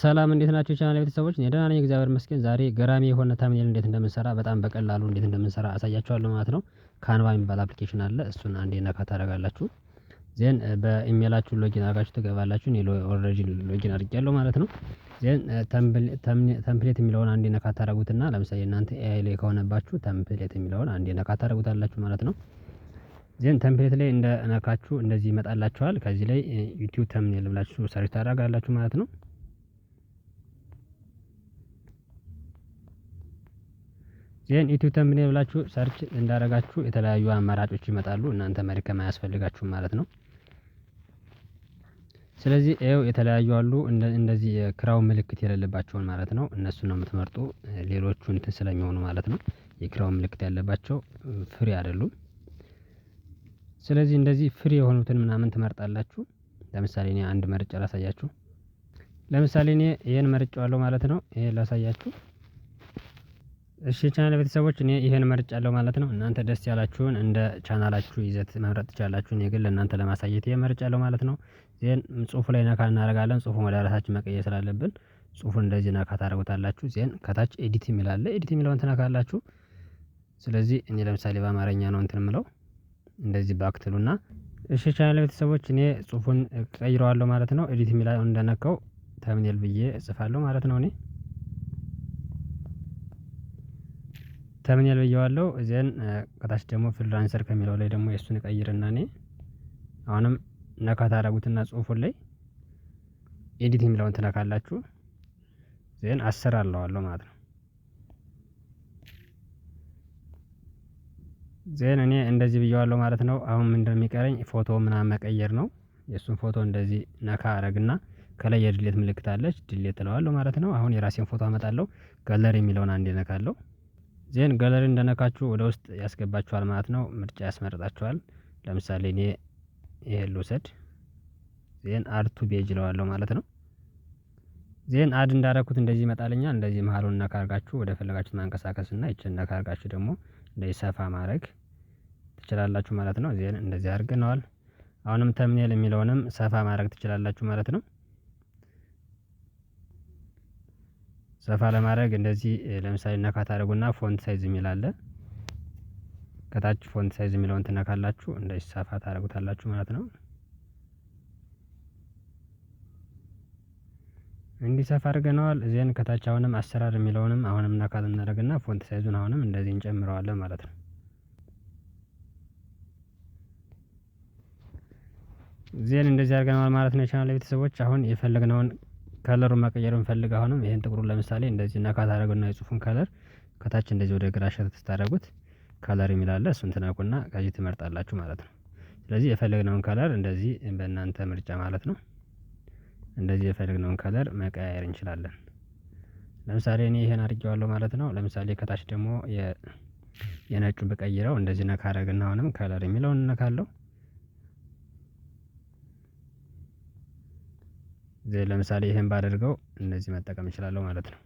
ሰላም እንዴት ናችሁ? ቻናል ቤተሰቦች እኔ ደህና ነኝ፣ እግዚአብሔር ይመስገን። ዛሬ ገራሚ የሆነ ታምኔል እንዴት እንደምንሰራ በጣም በቀላሉ እንዴት እንደምንሰራ አሳያችኋለሁ ማለት ነው። ካንቫ የሚባል አፕሊኬሽን አለ። እሱን አንዴ ነካ ታደርጋላችሁ። ዜን በኢሜላችሁ ሎጊን አድርጋችሁ ትገባላችሁ። እኔ ኦልሬዲ ሎጊን አድርጌያለሁ ማለት ነው። ዜን ተምፕሌት የሚለውን አንዴ ነካ ታደርጉትና ለምሳሌ እናንተ ኤአይ ላይ ከሆነባችሁ ተምፕሌት የሚለውን አንዴ ነካ ታደርጉታላችሁ ማለት ነው። ዜን ተምፕሌት ላይ እንደ ነካችሁ እንደዚህ ይመጣላችኋል። ከዚህ ላይ ዩቲዩብ ተምኔል ብላችሁ ሰርች ታደርጋላችሁ ማለት ነው። ይህን ዩቲዩብ ተምኔል ብላችሁ ሰርች እንዳደረጋችሁ የተለያዩ አማራጮች ይመጣሉ። እናንተ መድከም አያስፈልጋችሁም ማለት ነው። ስለዚህ ይኸው የተለያዩ አሉ። እንደዚህ የክራው ምልክት የሌለባቸውን ማለት ነው። እነሱ ነው የምትመርጡ። ሌሎቹ እንትን ስለሚሆኑ ማለት ነው። የክራው ምልክት ያለባቸው ፍሪ አይደሉም። ስለዚህ እንደዚህ ፍሪ የሆኑትን ምናምን ትመርጣላችሁ። ለምሳሌ እኔ አንድ መርጫ ላሳያችሁ። ለምሳሌ እኔ ይህን መርጫዋለሁ ማለት ነው። ይሄን ላሳያችሁ እሺ ቻናል ቤተሰቦች እኔ ይሄን መርጫለሁ ማለት ነው። እናንተ ደስ ያላችሁን እንደ ቻናላችሁ ይዘት መምረጥ ትችላላችሁ። እኔ ግን ለእናንተ ለማሳየት ይሄን መርጫለሁ ማለት ነው። ዜን ጽሁፉ ላይ ነካ እናደርጋለን። ጽሁፉ ወደ ራሳችን መቀየር ስላለብን ጽሁፉን እንደዚህ ነካ ታደርጉታላችሁ። ዜን ከታች ኤዲት የሚል ኤዲት የሚለውን ትነካላችሁ። ስለዚህ እኔ ለምሳሌ በአማርኛ ነው እንትን ምለው እንደዚህ ባክትሉና እሺ ቻናል ቤተሰቦች እኔ ጽሁፉን ቀይረዋለሁ ማለት ነው። ኤዲት የሚለውን እንደነካው ተምኔል ብዬ እጽፋለሁ ማለት ነው እኔ ተርሚናል ብዬዋለሁ ዜን ከታች ደግሞ ፍሪላንሰር ከሚለው ላይ ደግሞ የእሱን እቀይርና እኔ አሁንም ነካ ታደርጉትና ጽሁፉን ላይ ኤዲት የሚለውን ትነካላችሁ ዜን አሰራለዋለሁ ማለት ነው። ዜን እኔ እንደዚህ ብየዋለሁ ማለት ነው። አሁን ምን እንደሚቀረኝ ፎቶ ምናምን መቀየር ነው። የእሱን ፎቶ እንደዚህ ነካ አረግና ከላይ የድሌት ምልክት አለች ድሌት እለዋለሁ ማለት ነው። አሁን የራሴን ፎቶ አመጣለሁ። ጋለሪ የሚለውን አንዴ ነካለሁ ዜን ጋለሪ እንደነካችሁ ወደ ውስጥ ያስገባችኋል ማለት ነው። ምርጫ ያስመርጣችኋል። ለምሳሌ እኔ ይሄን ልውሰድ። ዜን አድ ቱ ቤጅ እለዋለሁ ማለት ነው። ዜን አድ እንዳረኩት እንደዚህ ይመጣልኛል። እንደዚህ መሀሉን እነካርጋችሁ ወደ ፈለጋችሁ ማንቀሳቀስ እና ይችን እነካርጋችሁ ደግሞ እንደዚህ ሰፋ ማድረግ ትችላላችሁ ማለት ነው። ዜን እንደዚህ አድርገነዋል። አሁንም ተምኔል የሚለውንም ሰፋ ማድረግ ትችላላችሁ ማለት ነው። ሰፋ ለማድረግ እንደዚህ ለምሳሌ ነካ ታደርጉና ፎንት ሳይዝ የሚል አለ። ከታች ፎንት ሳይዝ የሚለውን ትነካላችሁ እንደዚህ ሰፋ ታደርጉታላችሁ ማለት ነው። እንዲህ ሰፋ አድርገነዋል። እዚያን ከታች አሁንም አሰራር የሚለውንም አሁንም ነካ እናደርግና ፎንት ሳይዙን አሁንም እንደዚህ እንጨምረዋለን ማለት ነው። እዚያን እንደዚህ አድርገነዋል ማለት ነው። የቻናል ቤተሰቦች አሁን የፈለግነውን ከለሩን መቀየር እንፈልግ አሁንም ይሄን ጥቁሩ ለምሳሌ እንደዚህ ነካት ታደርጉና የጽሁፉን ከለር ከታች እንደዚህ ወደ ግራ ሸርት ስታደርጉት ከለር የሚል እሱን ትነኩና ከዚህ ትመርጣላችሁ ማለት ነው። ስለዚህ የፈለግነውን ከለር እንደዚህ በእናንተ ምርጫ ማለት ነው። እንደዚህ የፈለግነውን ከለር መቀያየር እንችላለን። ለምሳሌ እኔ ይሄን አድርጌዋለሁ ማለት ነው። ለምሳሌ ከታች ደግሞ የነጩ ብቀይረው እንደዚህ ነካ አደርግና አሁንም ከለር የሚለውን እነካለሁ ለምሳሌ ይሄን ባደርገው እነዚህ መጠቀም እችላለሁ ማለት ነው።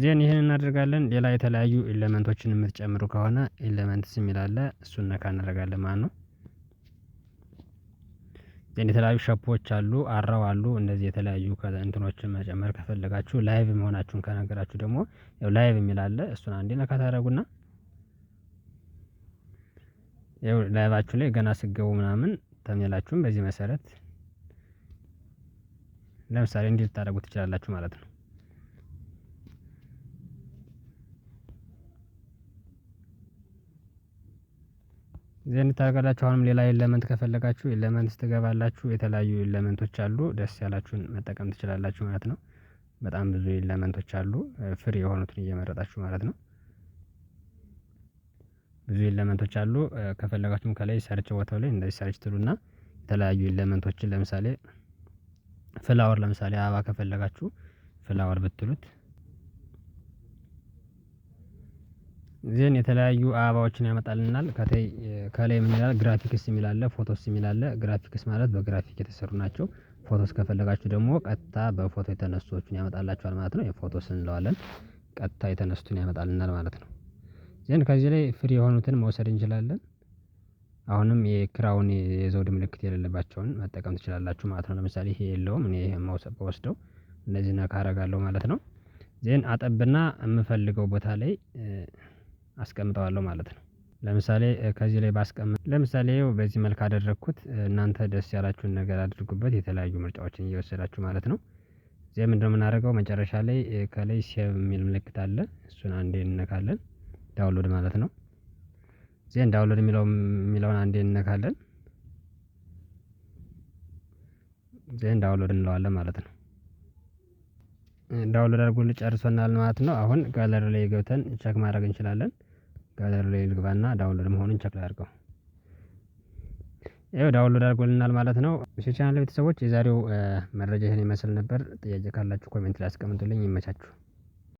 ዜን ይሄን እናደርጋለን ሌላ የተለያዩ ኤሌመንቶችን የምትጨምሩ ከሆነ ኤለመንትስ የሚል አለ እሱን ነካ እናደርጋለን ማለት ነው። ዜን የተለያዩ ሸፖች አሉ አራው አሉ እንደዚህ የተለያዩ እንትኖችን መጨመር ከፈለጋችሁ ላይቭ መሆናችሁን ከነገራችሁ ደግሞ ያው ላይቭ የሚል አለ እሱን አንዴ ነካ ታደርጉና ያው ላይቫችሁ ላይ ገና ስገቡ ምናምን ተምኔላችሁን በዚህ መሰረት ለምሳሌ እንዲህ ልታደርጉ ትችላላችሁ ማለት ነው። እዚህ እንድታደርጋላችሁ አሁንም ሌላ ኤለመንት ከፈለጋችሁ ኤለመንት ስትገባላችሁ የተለያዩ ኤለመንቶች አሉ። ደስ ያላችሁን መጠቀም ትችላላችሁ ማለት ነው። በጣም ብዙ ኤለመንቶች አሉ። ፍሪ የሆኑትን እየመረጣችሁ ማለት ነው። ብዙ ኤለመንቶች አሉ። ከፈለጋችሁም ከላይ ሰርች ቦታው ላይ እንደዚህ ሰርች ትሉና የተለያዩ ኤለመንቶችን ለምሳሌ ፍላወር ለምሳሌ አበባ ከፈለጋችሁ ፍላወር ብትሉት ዜን የተለያዩ አበባዎችን ያመጣልናል። ከተይ ከላይ ምን ይላል? ግራፊክስ የሚል አለ፣ ፎቶስ የሚል አለ። ግራፊክስ ማለት በግራፊክ የተሰሩ ናቸው። ፎቶስ ከፈለጋችሁ ደግሞ ቀጥታ በፎቶ የተነሱዎችን ያመጣላችኋል ማለት ነው። የፎቶስ እንለዋለን። ቀጥታ የተነሱትን ያመጣልናል ማለት ነው። ዜን ከዚህ ላይ ፍሪ የሆኑትን መውሰድ እንችላለን። አሁንም የክራውን የዘውድ ምልክት የሌለባቸውን መጠቀም ትችላላችሁ ማለት ነው። ለምሳሌ ይሄ የለውም እኔ መውሰድ ብወስደው እነዚህ ነካ አደርጋለሁ ማለት ነው። ዜን አጠብና የምፈልገው ቦታ ላይ አስቀምጠዋለሁ ማለት ነው። ለምሳሌ ከዚህ ላይ ባስቀምጥ ለምሳሌ በዚህ መልክ አደረኩት እናንተ ደስ ያላችሁን ነገር አድርጉበት የተለያዩ ምርጫዎችን እየወሰዳችሁ ማለት ነው። ዜም ምንድነው መጨረሻ ላይ ከላይ ሴቭ የሚል ምልክት አለ እሱን አንዴ እንነካለን ዳውንሎድ ማለት ነው ዜን ዳውንሎድ የሚለውን የሚለውን አንዴ እንነካለን። ዜን ዳውንሎድ እንለዋለን ማለት ነው። ዳውንሎድ አድርጎል ጨርሶናል ማለት ነው። አሁን ጋለሪ ላይ ገብተን ቸክ ማድረግ እንችላለን። ጋለሪ ላይ ልግባና ዳውንሎድ መሆኑን ቸክ ላድርገው። ይኸው ዳውንሎድ አድርጎልናል ማለት ነው። ዩቲ ቻናል ቤተሰቦች የዛሬው መረጃ ይህን ይመስል ነበር። ጥያቄ ካላችሁ ኮሜንት ላይ አስቀምጡልኝ። ይመቻችሁ።